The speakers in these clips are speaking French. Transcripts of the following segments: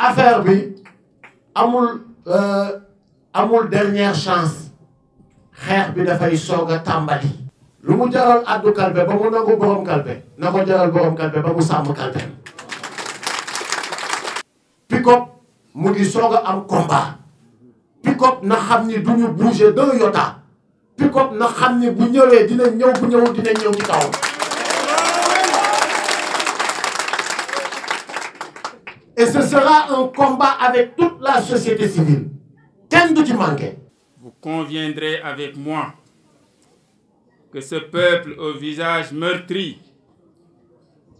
affaire bi amul euh, amul dernière chance xeex bi dafay soog a tàmbali. lu mu jaral addu kalbe borom na ko jaral borom kalpe ba mu sàmm kalpe. nous a am combat. na xam ni bouger d'un yota na xam bu ñëwee dina ñëw bu ce sera un combat avec toute la société civile. Vous conviendrez avec moi que ce peuple au visage meurtri,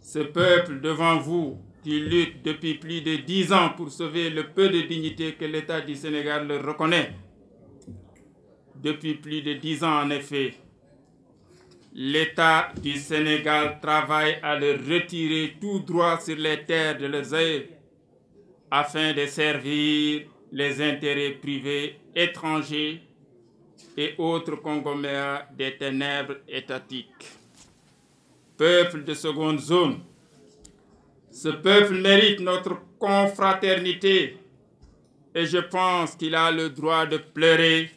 ce peuple devant vous qui lutte depuis plus de dix ans pour sauver le peu de dignité que l'État du Sénégal le reconnaît, depuis plus de dix ans en effet, l'État du Sénégal travaille à le retirer tout droit sur les terres de leurs afin de servir les intérêts privés étrangers et autres conglomérats des ténèbres étatiques. Peuple de seconde zone, ce peuple mérite notre confraternité et je pense qu'il a le droit de pleurer,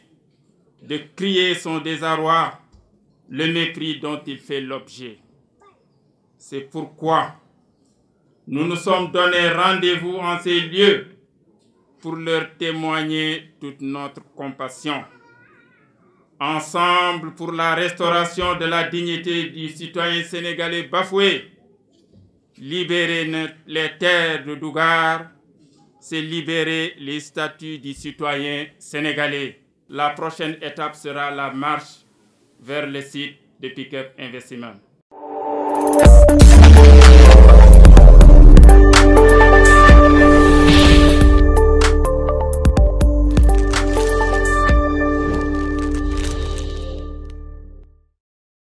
de crier son désarroi, le mépris dont il fait l'objet. C'est pourquoi nous nous sommes donné rendez-vous en ces lieux pour leur témoigner toute notre compassion. Ensemble pour la restauration de la dignité du citoyen sénégalais bafoué, libérer les terres de Dougar, c'est libérer les statuts du citoyen sénégalais. La prochaine étape sera la marche vers le site de Pickup Investissement.